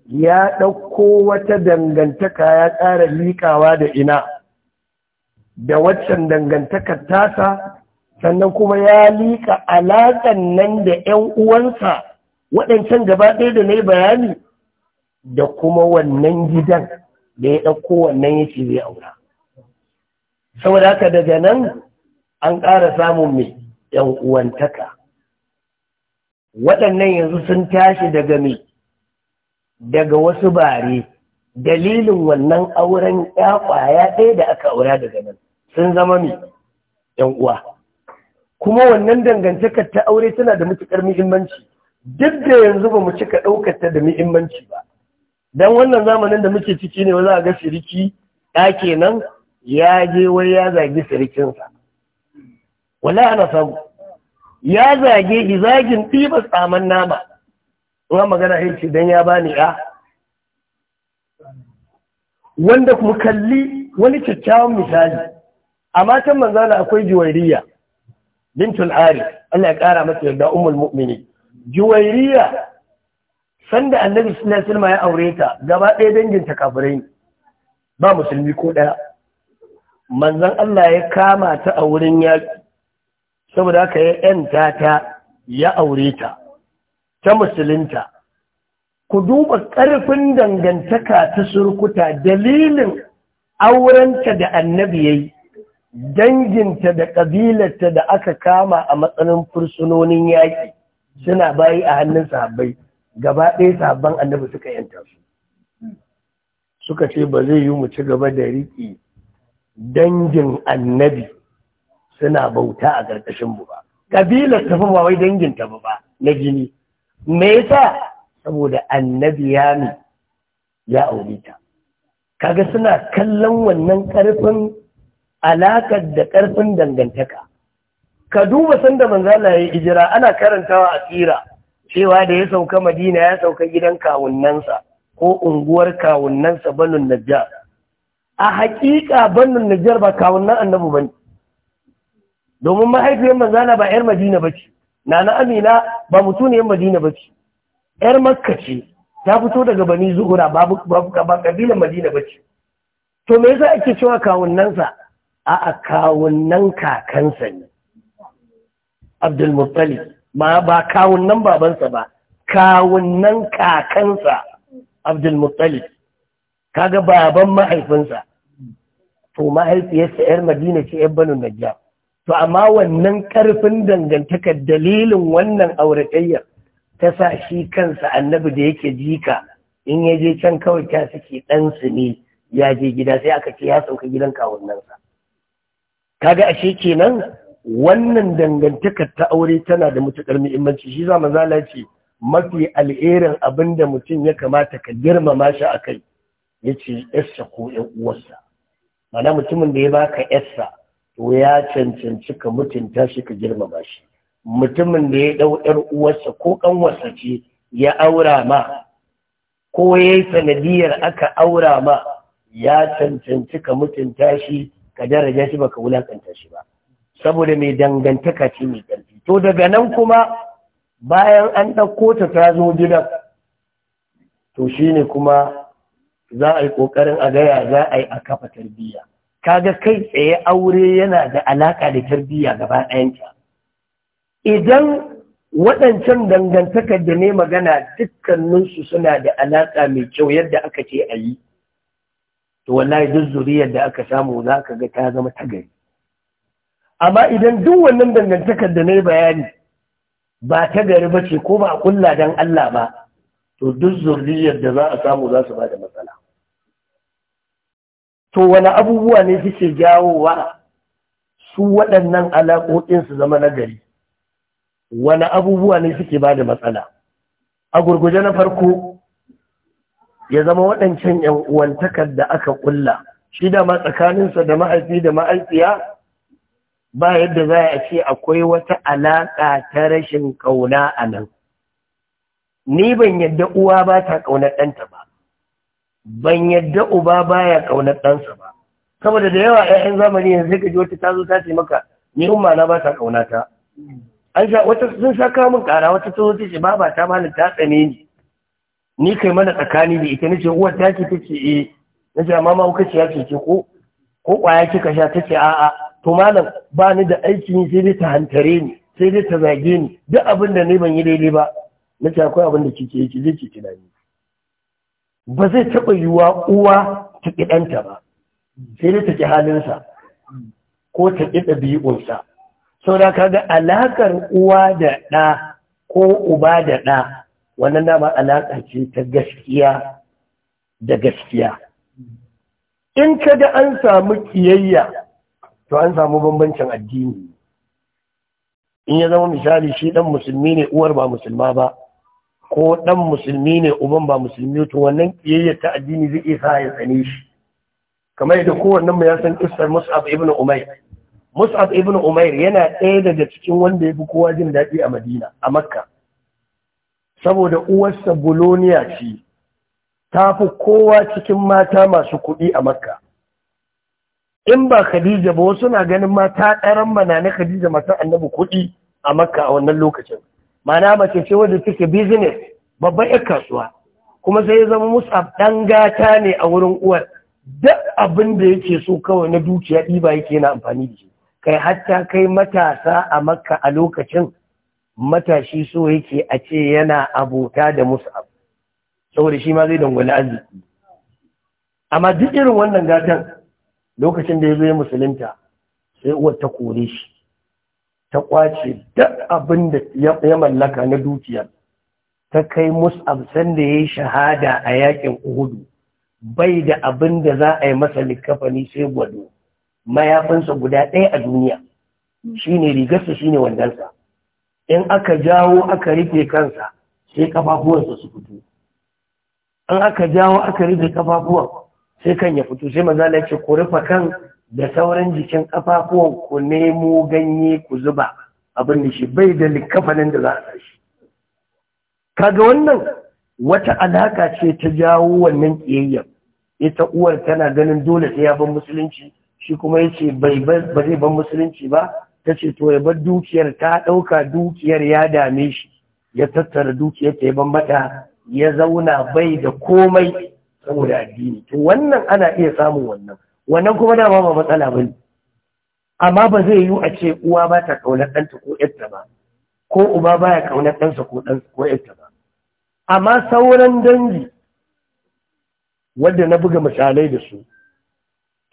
ya ɗauko wata dangantaka ya ƙara liƙawa da ina da waccan dangantakar tasa sannan kuma ya liƙa alaƙan nan da 'yan uwansa waɗancan gaba ɗaya da na yi bayani da kuma wannan gidan da ya ɗauko wannan yake zai aura saboda haka daga nan an ƙara samun mai 'yan uwantaka waɗannan yanzu sun tashi daga mai daga wasu bare dalilin wannan auren ya ɗaya da aka aura daga nan sun zama mai 'yan uwa kuma wannan dangantakar ta aure tana da matuƙar muhimmanci duk da yanzu ba mu cika ɗaukar ta da muhimmanci ba dan wannan zamanin da muke ciki ne wani a ga siriki ɗake nan ya je wai ya zagi sirikinsa wala ana samu ya zage yi, zagin ɗiba tsaman nama in magana ya dan ya bani ya wanda mu kalli wani kyakkyawan misali a matan manzana akwai jiwariya. bintul ari Allah ya kara masa yarda ummul mu'mini juwairiya sanda annabi sallallahu alaihi wasallam ya aure ta gaba ɗaya danginta kafirai ba musulmi ko ɗaya manzon Allah ya kama ta a wurin ya saboda haka ya yanta ta ya aure ta ta musulunta ku duba ƙarfin dangantaka ta surkuta dalilin aurenta da annabi yayi danginta da ƙabilarta da aka kama a matsalin fursunonin yaƙi suna bayi a hannun sahabbai gaba ɗaya sahabban annabi suka yanta su suka ce ba zai yi mu ci gaba da riƙe dangin annabi suna bauta a ƙarƙashin mu ba ƙabilar ta ba wai dangin ta ba na jini me yasa saboda annabi ya ya aure ta kaga suna kallon wannan ƙarfin alakar da ƙarfin dangantaka ka duba sanda manzala ya hijira ana karantawa a tsira cewa da ya sauka madina ya sauka gidan kawunnansa ko unguwar kawunnansa banin najjar a haƙiƙa banin najjar ba kawunan annabu ba ne domin mahaifiyar manzala ba 'yar madina ba ce nana amina ba mutuniyar madina ba ce 'yar makka ce ta fito daga bani zuhura ba kabilan madina ba ce to me yasa ake cewa kawunansa a'a nan kakansa ne abdulmuttalib ba ba nan babansa ba nan kakansa abdulmuttalib kaga baban mahaifinsa to mahaifiyarsa yar madina ce yar banu jiya. to amma wannan karfin dangantaka dalilin wannan auratayyar ta sa shi kansa annabi da yake jika in ya je can kawai ta suke ɗansu ne ya je gida sai aka ce ya sauka gidan kawunansa kaga ashe kenan wannan dangantakar ta aure tana da matuƙar muhimmanci shi za mazala ce mafi alherin abin da mutum ya kamata ka girmama shi a kai ya ce ko yan uwarsa mana mutumin da ya baka yarsa to ya cancanci ka mutunta shi ka girmama shi mutumin da ya dau yar uwarsa ko ƙanwarsa ce ya aura ma ko ya sanadiyar aka aura ma ya cancanci ka mutunta shi ka daraja shi ba ka wulakanta shi ba saboda mai dangantaka ce mai ƙarfi to daga nan kuma bayan an ɗauko ta ta zo gida to ne kuma za a yi ƙoƙarin a gaya za a yi a kafa tarbiyya kaga kai tsaye aure yana da alaƙa da tarbiyya gaba ɗayanta idan waɗancan dangantakar da ne magana dukkaninsu suna da alaƙa mai kyau yadda aka ce a yi to wallahi duk zuriyar da aka samu za ka ga ta zama ta gari amma idan duk wannan dangantakar da na yi bayani ba ta gari ba ce ko ba a kulla don Allah ba to duk zuriyar da za a samu za su ba da matsala to wani abubuwa ne suke jawowa su waɗannan alaƙoƙin su zama na gari wani abubuwa ne suke ba da matsala a gurguje na farko ya zama waɗancan ‘yan uwantakar da aka ƙulla shi da ma tsakaninsa da mahaifi da ma'aikiya. ba yadda za a ce akwai wata alaƙa ta rashin ƙauna a nan ni ban yadda uwa ba ta ƙaunar ɗanta ba ban yadda uba ba ya ƙaunar ɗansa ba saboda da yawa ‘ya'yan zamani yanzu ka ji wata ta zo ta ce maka ni umma na ba ta ƙaunata an sha wata sun sha min ƙara wata ta zo ta ce ba ba ta bani ta tsane ni ni kai mana tsakani da ita nace uwar ta ce tace eh nace amma ma kuka ce ya ce ko ko kwaya kika sha tace a'a to malam ba ni da ni sai dai ta hantare ni sai dai ta zage ni duk abin da ni ban yi daidai ba nace akwai abin da kike yi zai ki tunani ba zai taba yiwa uwa ta kidanta ba sai dai ta halin halinsa ko ta bi ɗabi'unsa saboda kaga alakar uwa da ɗa ko uba da ɗa wannan dama alaƙa ce ta gaskiya da gaskiya in ka ga an samu kiyayya to an samu bambancin addini in ya zama misali shi ɗan musulmi ne uwar ba musulma ba ko ɗan musulmi ne uban ba musulmi to wannan ƙiyayya ta addini zai sa ya tsane shi kamar yadda kowannen mu ya san kissar Mus'ab ibn Umair Mus'ab ibn Umair yana ɗaya daga cikin wanda ya fi kowa jin daɗi a Madina a Makka saboda uwarsa buloniya ce ta fi kowa cikin mata masu kuɗi a makka in ba khadija ba wasu na ganin mata ɗaran mana na khadija masu annabi kuɗi a makka a wannan lokacin mana mace ce wadda take business babban yar kasuwa kuma sai ya zama musa ɗan gata ne a wurin uwar duk abin da yake so kawai na dukiya ɗiba yake yana amfani da shi kai hatta kai matasa a makka a lokacin matashi so yake a ce yana abota da mus'ab saboda shi ma zai dangwani arziki amma duk irin wannan gatan lokacin da ya zo ya musulunta sai uwar ta kore shi ta kwace duk abin da ya mallaka na dukiyar ta kai mus'ab sanda ya yi shahada a yakin uhudu bai da abin da za a yi masa likafani sai gwado mayafinsa guda ɗaya a duniya shine rigarsa shine wandansa in aka jawo aka rufe kansa sai kafafuwansa su fito in aka jawo aka rufe kafafuwan sai kan ya fito sai mazala ce ku rufe kan da sauran jikin kafafuwan ku nemo ganye ku zuba abin da shi bai da likafanin da za a sashi kaga wannan wata alaka ce ta jawo wannan kiyayyar ita uwar tana ganin dole sai ya ban musulunci shi kuma yace bai ban musulunci ba ta ce to ya bar dukiyar ta ɗauka dukiyar ya dame shi ya tattara dukiyar ta ya bambata ya zauna bai da komai saboda addini to wannan ana iya samun wannan wannan kuma dama ba matsala ba ne amma ba zai yiwu a ce uwa ba ta kaunar ɗanta ko ƴarta ba ko uba ba ya kaunar ɗansa ko ɗansa ko ƴarta ba amma sauran dangi wanda na buga misalai da su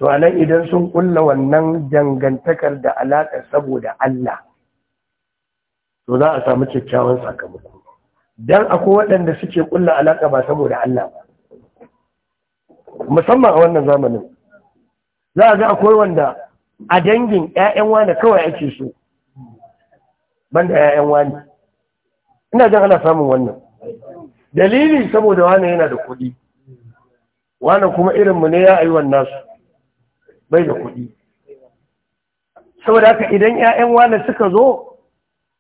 to nan idan sun kulla wannan dangantakar da alaƙa saboda Allah to za a samu kyakkyawan sakamako dan akwai waɗanda suke kulla alaƙa ba saboda Allah ba musamman a wannan zamanin za a ga akwai wanda a dangin 'ya'yan wani kawai ake so banda 'ya'yan wani ina jan ana samun wannan dalili saboda wani yana da kuɗi wani kuma irinmu ne ya ayi wannan bai da kuɗi saboda haka idan 'ya'yan wane suka zo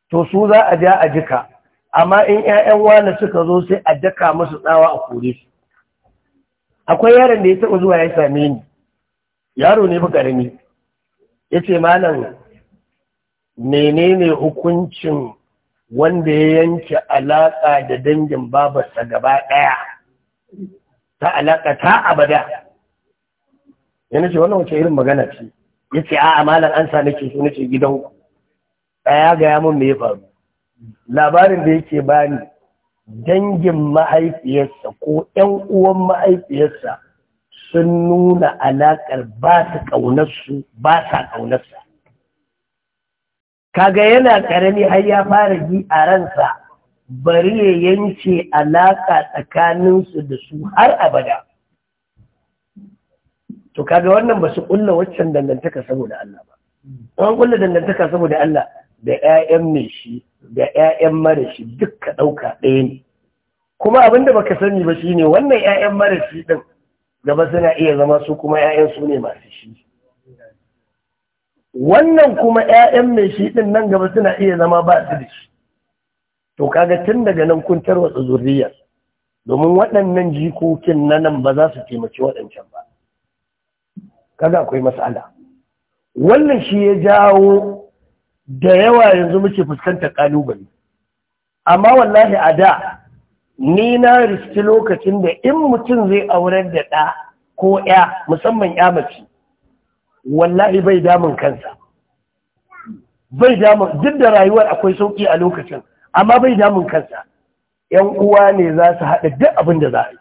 to su za a ja a jika amma in 'ya'yan wane suka zo sai a daka musu tsawa a kore su akwai yaron da ya taɓa zuwa ya same ni yaro ne ƙarami ya ce malam menene hukuncin wanda ya yanke alaƙa da dangin babarsa gaba ɗaya ta alaƙa ta abada ya nace wannan wace irin magana ce ya ce a'a malam an sa nake so nace gidan ku ɗaya gaya mun me ya faru labarin da yake bani dangin mahaifiyarsa ko 'yan uwan mahaifiyarsa sun nuna alaƙar ba su ƙaunarsu ba sa ƙaunarsa kaga yana ƙarami har ya fara ji a ransa bari ya yance alaƙa tsakaninsu da su har abada to kaga wannan ba su kulla waccan dangantaka saboda Allah ba an kulla dangantaka saboda Allah da ƴaƴan mai shi da ƴaƴan mara shi dukka ɗauka ɗaya ne kuma abin da baka sani ba shine wannan ƴaƴan mara shi din gaba suna iya zama su kuma ƴaƴan su ne masu shi wannan kuma ƴaƴan mai shi din nan gaba suna iya zama ba su da shi to kaga tun daga nan kun tarwatsa zuriyar domin waɗannan jikokin na nan ba za su taimaki waɗancan ba kaga akwai matsala wannan shi ya jawo da yawa yanzu muke fuskantar ƙalubale. amma wallahi a da ni na riski lokacin da in mutum zai aurar da ɗa ko ya musamman ya mace wallahi bai damun kansa bai damun duk da rayuwar akwai sauki a lokacin amma bai damun kansa yan uwa ne za su haɗa duk abin da za a yi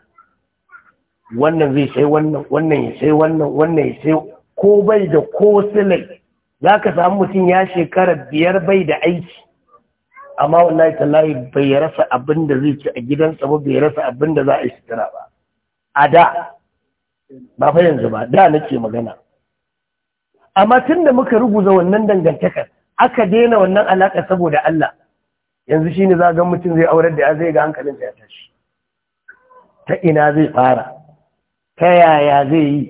wannan zai sai wannan wannan ya sai wannan wannan ya sai ko bai da ko silai za ka samu mutum ya shekara biyar bai da aiki amma wallahi tallahi bai rasa abin da zai ci a gidansa ba bai rasa abin da za a yi sutura ba a da ba fa yanzu ba da nake magana amma tun da muka ruguza wannan dangantakar aka daina wannan alaƙa saboda Allah yanzu shine za ga mutum zai aurar da ya zai ga da ya tashi ta ina zai fara ta yaya zai yi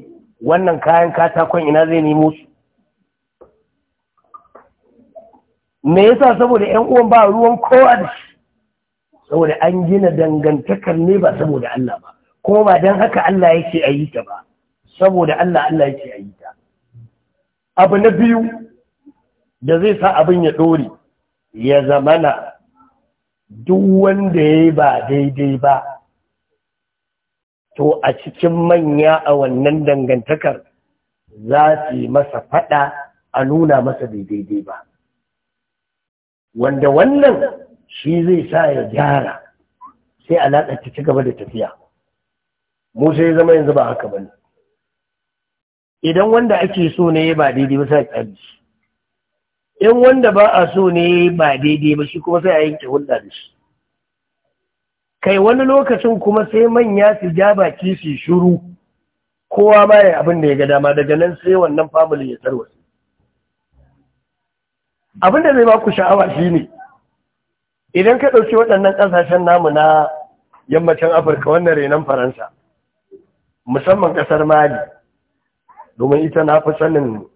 wannan kayan katakon ina zai nemo su me yasa saboda yan uwan ba ruwan kowa da shi saboda an gina dangantakar ne ba saboda Allah ba kuma ba don haka Allah yake a ta ba saboda Allah Allah yake a ta abu na biyu da zai sa abin ya ɗore ya zamana duk wanda ya yi ba daidai ba to a cikin manya a wannan dangantakar za su yi masa faɗa a nuna masa daidai ba wanda wannan shi zai sa ya gyara sai alaƙa ta ci gaba da tafiya musa ya zama yanzu ba haka ba ne idan wanda ake so ne ba daidai ba sai a in wanda ba a so ne ba daidai ba shi kuma sai a yanke hulɗa da shi kai wani lokacin kuma sai manya su ja baki su shiru, kowa ma ya abin da ya ga dama daga nan sai wannan family ya tarwasa abin da zai ba ku sha'awa shine idan ka ɗauki waɗannan ƙasashen namu na yammacin afirka wannan renon faransa musamman ƙasar mali domin ita na fi sanin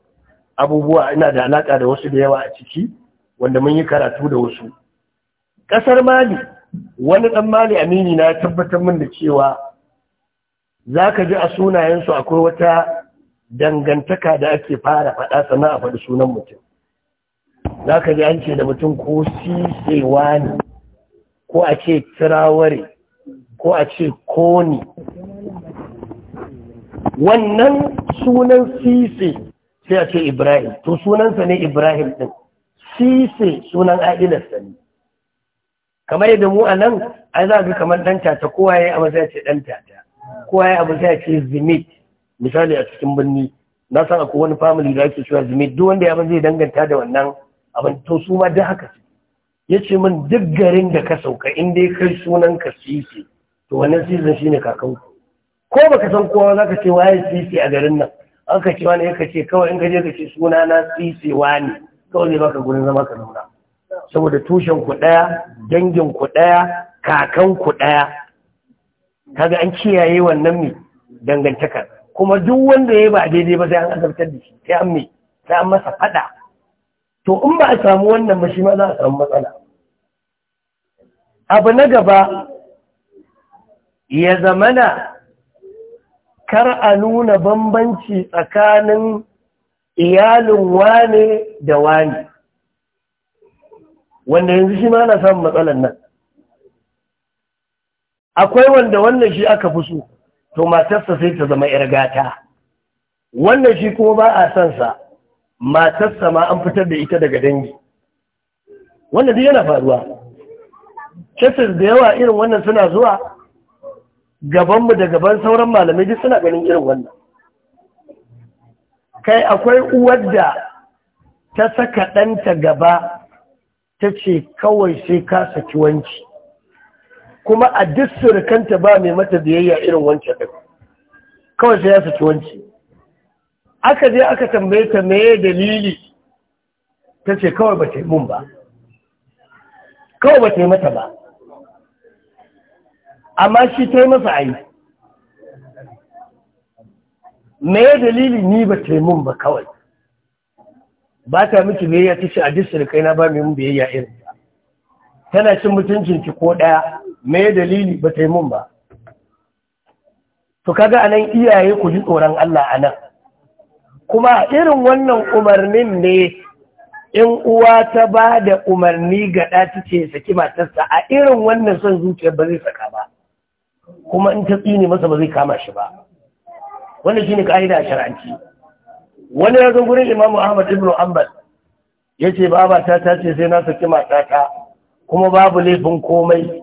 abubuwa ina da alaƙa da wasu da yawa a ciki wanda mun yi karatu da wasu ƙasar mali wani ɗan mali amini na tabbatar min da cewa za ka ji a sunayensu akwai wata dangantaka da ake fara faɗa sana a faɗi sunan mutum za ka ji an ce da mutum ko sisewa ne ko a ce tiraware ko a ce koni wannan sunan sise sai a ce ibrahim to sunansa ne ibrahim ɗin sise sunan a'ilarsa ne kamar yadda mu a nan an za ga kamar ɗan tata kowa ya yi abu zai ce ɗan tata kowa ya yi abu zai ce zimit misali a cikin birni na san akwai wani family da ake cewa zimit duk wanda ya zai danganta da wannan abin to su ma duk haka ya ce min duk garin da ka sauka in dai kai sunan ka sisi to wannan sisin shine ku ko baka san kowa za ka ce waye sisi a garin nan an ka ce wani ya ka ce kawai in ka je ka ce suna na sisi wani kawai zai baka gurin zama ka zauna saboda tushen ku ɗaya dangin ku ɗaya kakan ku ɗaya kaga an kiyaye wannan mai dangantaka kuma duk wanda ya ba daidai ba sai an azabtar da shi sai an mai sai an masa faɗa to in ba a samu wannan ba shi ma za a samu matsala abu na gaba ya zamana kar a nuna bambanci tsakanin iyalin wane da wane wanda yanzu shi ma ana samun matsalar nan akwai wanda wannan shi aka fi so to matarsa sai ta zama 'yar gata wannan shi kuma ba a son sa matarsa ma an fitar da ita daga dangi wannan duk yana faruwa casis da yawa irin wannan suna zuwa gabanmu da gaban sauran malamai duk suna ganin irin wannan kai akwai uwar da ta saka ɗanta gaba ta ce kawai sai ka saki wanci kuma a duk surukanta ba mai mata biyayya irin wancan ɗin kawai sai ya saki wanci aka je aka tambaye ta mai dalili ta ce kawai ba mun ba kawai ba ta yi mata ba amma shi ta yi masa ayi meye dalili ni ba ta mun ba kawai ba ta miki biyayya ta ce a duk kai na ba mai biyayya irin ta tana cin mutuncin ki ko ɗaya me dalili ba ta yi mun ba to kaga anan iyaye ku ji tsoron Allah anan kuma irin wannan umarnin ne in uwa ta ba da umarni ga ɗa ta ce saki matarsa a irin wannan son zuciyar ba zai saka ba kuma in ta tsini masa ba zai kama shi ba wannan shine ka'ida a shari'anci wani ya zo gurin imamu ahmad ibn hanbal ya ce babata ta ce sai na saki matata kuma babu laifin komai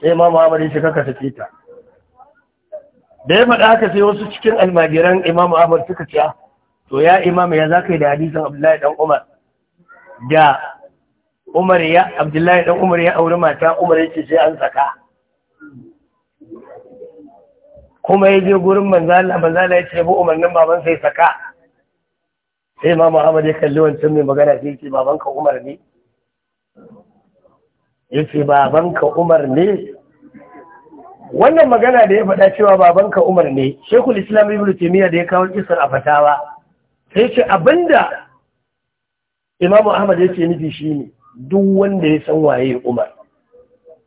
sai imamu ahmad ya ce kaka saki ta da ya faɗa haka sai wasu cikin almajiran imamu ahmad suka ce ah, to ya imamu ya za ka yi da hadisin abdullahi dan umar da umar ya abdullahi dan umar ya auri mata umar ya ce sai an saka kuma ya je gurin manzala manzala ya ce bu umarnin baban sai saka sai ma ahmad ya kalli wancan mai magana sai ce babanka umar ne yace babanka umar ne wannan magana da ya faɗa cewa babanka umar ne shekul islam ibn taymiya da ya kawo kisar a fatawa sai ce abinda Imam ahmad ya ce nufi shine duk wanda ya san waye umar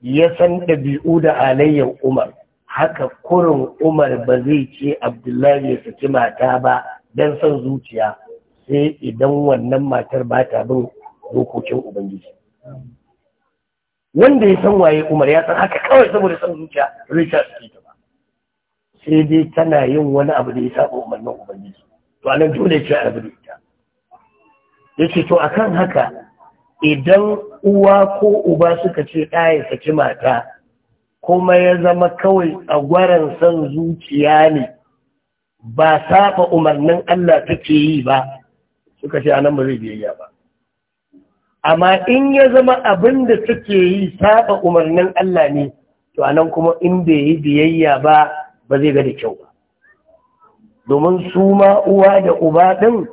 ya san ɗabi'u da alayyar umar haka kurin umar ba zai ce abdullahi ya saki mata ba don son zuciya sai idan wannan matar ba ta bin dokokin ubangiji wanda ya san waye umar ya san haka kawai saboda san zuciya richard ke ta ba sai dai tana yin wani abu da ya saba umarnin ubangiji to anan dole ce a da ita ce to akan haka idan uwa ko uba suka ce ɗaya saki mata kuma ya zama kawai a gwaran san zuciya ne ba saba umarnin Allah take yi ba suka ce anan ba zai biyayya ba amma in ya zama abin da suke yi saba umarnin Allah ne to anan kuma in bai yi biyayya ba ba zai ga da kyau ba domin su ma uwa da uba din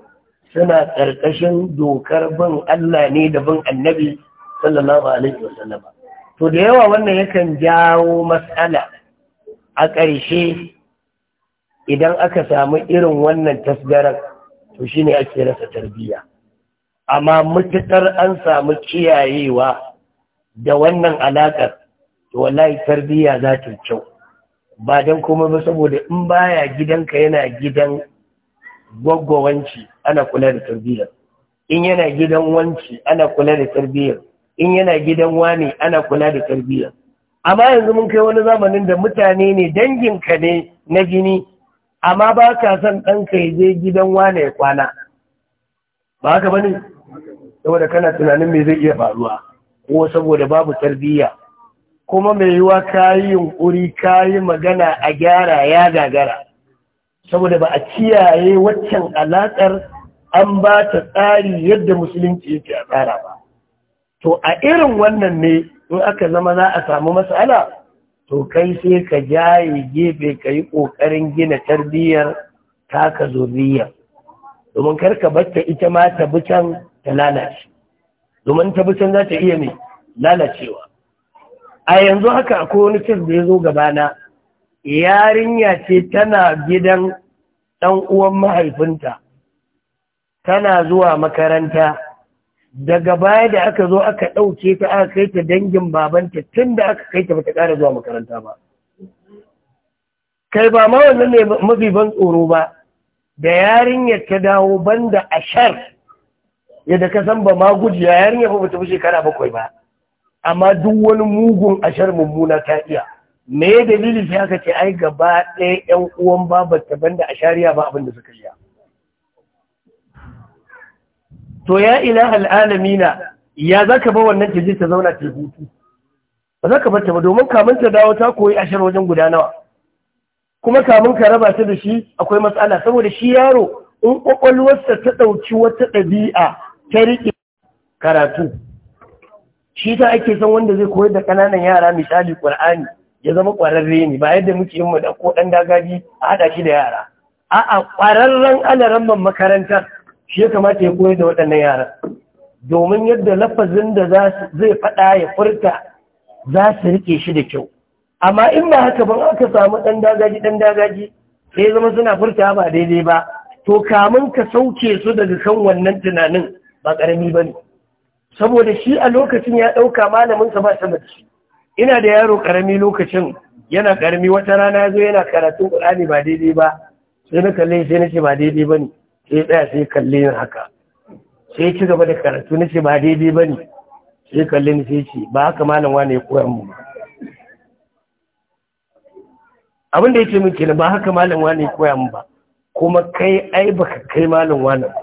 suna ƙarƙashin dokar bin Allah ne da bin annabi sallallahu alaihi wasallam to da yawa wannan yakan jawo matsala a ƙarshe idan aka samu irin wannan tasgarar to shi ne ake rasa tarbiyya amma matuƙar an samu kiyayewa da wannan alaƙar to wallahi tarbiyya za ta kyau ba don komai ba saboda in baya gidanka yana gidan gwaggwawanci ana kula da tarbiyyar in yana gidan wanci ana kula da tarbiyyar in yana gidan wani ana kula da tarbiyyar amma yanzu mun kai wani zamanin da mutane ne danginka ne na gini amma ba ka son ɗanka ya je gidan wane ya kwana ba haka ba ne saboda kana tunanin me zai iya faruwa ko saboda babu tarbiyya kuma mai yiwa ka yi yunƙuri ka magana a gyara ya gagara saboda ba a kiyaye waccan alaƙar an ba ta tsari yadda musulunci yake a tsara ba to a irin wannan ne in aka zama za a samu matsala to kai sai ka jaye gefe ka yi ƙoƙarin gina tarbiyyar taka zuriyar domin karka batta ita ma ta bi can ta lalace domin ta bi can za ta iya mai lalacewa a yanzu haka akwai wani cin da ya zo gabana yarinya ce tana gidan ɗan uwan mahaifinta tana zuwa makaranta daga baya da aka zo aka ɗauke ta aka kai ta dangin babanta tun da aka kai ta bata ƙara zuwa makaranta ba kai ba ma wannan ne mafi ban tsoro ba da yarinyar ta dawo banda ashar yadda ka san ba ma gujiya yarinyar ba bata fi shekara bakwai ba amma duk wani mugun ashar mummuna ta iya me dalili sai aka ce ai gaba ɗaya 'yan uwan babarta banda ashariya ba abin da suka iya to ya ila na, ya za ka ba wannan jirgin ta zauna ta hutu ba za ka bata ba domin kamun ta dawo ta koyi ashar wajen gudanawa. kuma kamun ka raba ta da shi akwai matsala saboda shi yaro in ƙwaƙwalwarsa ta ɗauki wata ɗabi'a ta riƙe karatu shi ta ake son wanda zai koyar da ƙananan yara misali ƙur'ani ya zama ƙwararre ne ba yadda muke yin mu da ko ɗan dagaji a haɗa shi da yara a'a ƙwararren alaramman makarantar shi ya kamata ya koyar da waɗannan yaran domin yadda lafazin da zai faɗa ya furta za su rike shi da kyau amma in ba haka ban aka samu ɗan dagaji ɗan dagaji sai zama suna furta ba daidai ba to kamun ka sauke su daga kan wannan tunanin ba ƙarami ba ne saboda shi a lokacin ya ɗauka malaminsa ba sama da shi ina da yaro ƙarami lokacin yana ƙarami wata rana ya zo yana karatun ƙur'ani ba daidai ba sai na kalle sai na ce ba daidai ba ne sai ɗaya sai kalli yin haka sai ci gaba da karatu na ce ba daidai ba ne sai kalli ni sai ce ba haka malam wane ya koya mu ba abin da yake min kenan ba haka malam wane ya koya mu ba kuma kai ai baka kai malam wane ba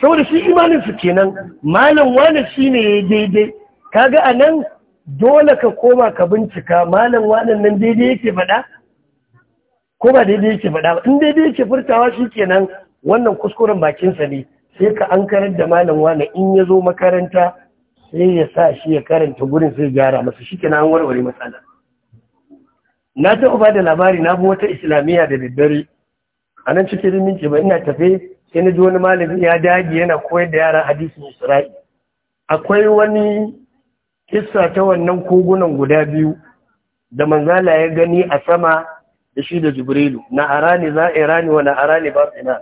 saboda shi imanin su kenan malam wane ne ya daidai kaga anan dole ka koma ka bincika malam wane nan daidai yake faɗa ko ba daidai yake faɗa ba in daidai yake furtawa shi kenan wannan kuskuren bakinsa ne sai ka an karar da malam wani in ya zo makaranta sai ya sa shi ya karanta gurin sai gyara masa shi kenan an warware matsala na taɓa ba da labari na bi wata islamiyya da daddare a nan cikin riminci ba ina tafe sai na ji wani malami ya dage yana koyar da yara hadisin isra'i akwai wani kissa ta wannan kogunan guda biyu da manzala ya gani a sama da shi da jibrilu na arani za'irani wa na arani batina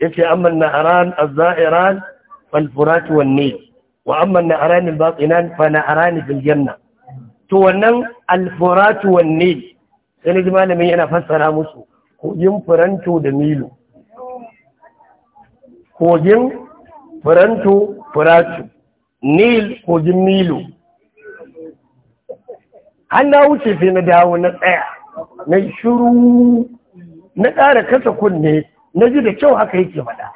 yace amma na aran az-za'iran fal furat wan nil wa amma na arani batinan fa na arani bil janna to wannan al furat wan nil sai da malamin yana fassara musu kogin furanto da Milo. kogin furanto furatu nil kogin Milo. an na wuce sai na dawo na tsaya na shiru na ƙara kasa kunne na ji da kyau haka yake faɗa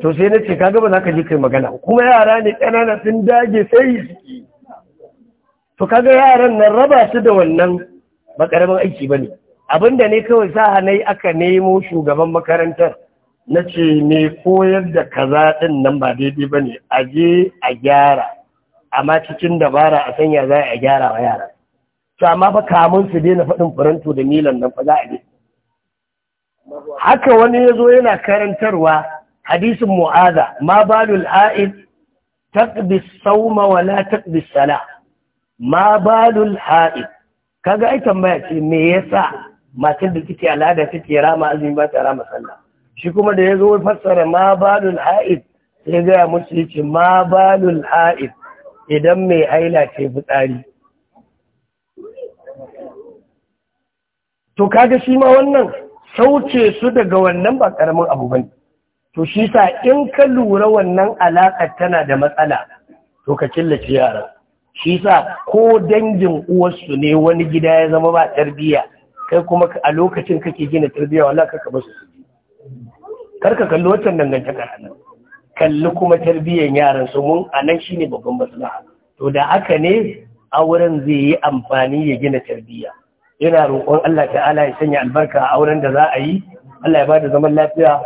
to sai na ce kaga ba za ka ji kai magana kuma yara ne ƙanana sun dage sai yi suke to kaga yaran nan raba su da wannan ba ƙaramin aiki ba ne abinda ne kawai sa hanai aka nemo shugaban makarantar na ce ne koyar da kaza ɗin nan ba daidai ba ne a je a gyara amma cikin dabara a sanya za a gyara wa yara to amma fa kamun su daina faɗin faranto da milan nan fa za a je haka wani ya zo yana karantarwa hadisin mu'aza ma balul a'id taqbi wa la taqbi sala ma balul a'id kaga ai tambaya ce me yasa matan da kike al'ada kike rama azumi ba ta rama sallah shi kuma da ya fassara ma balul a'id sai ga musu ce ma balul a'id idan mai aila ce fitsari to kaga shi ma wannan sauce su daga wannan ba karamin abu bane to shi sa in ka lura wannan alaka tana da matsala to ka killace yaran shi sa ko dangin uwarsu ne wani gida ya zama ba tarbiyya kai kuma a lokacin kake gina tarbiyya wallahi ka ba su ka kalli wancan dangantakar anan kalli kuma tarbiyyar yaran su mun anan shine babban maslaha to da haka ne auren zai yi amfani ya gina tarbiyya yana roƙon Allah ta'ala ya sanya albarka a auren da za a yi Allah ya bada zaman lafiya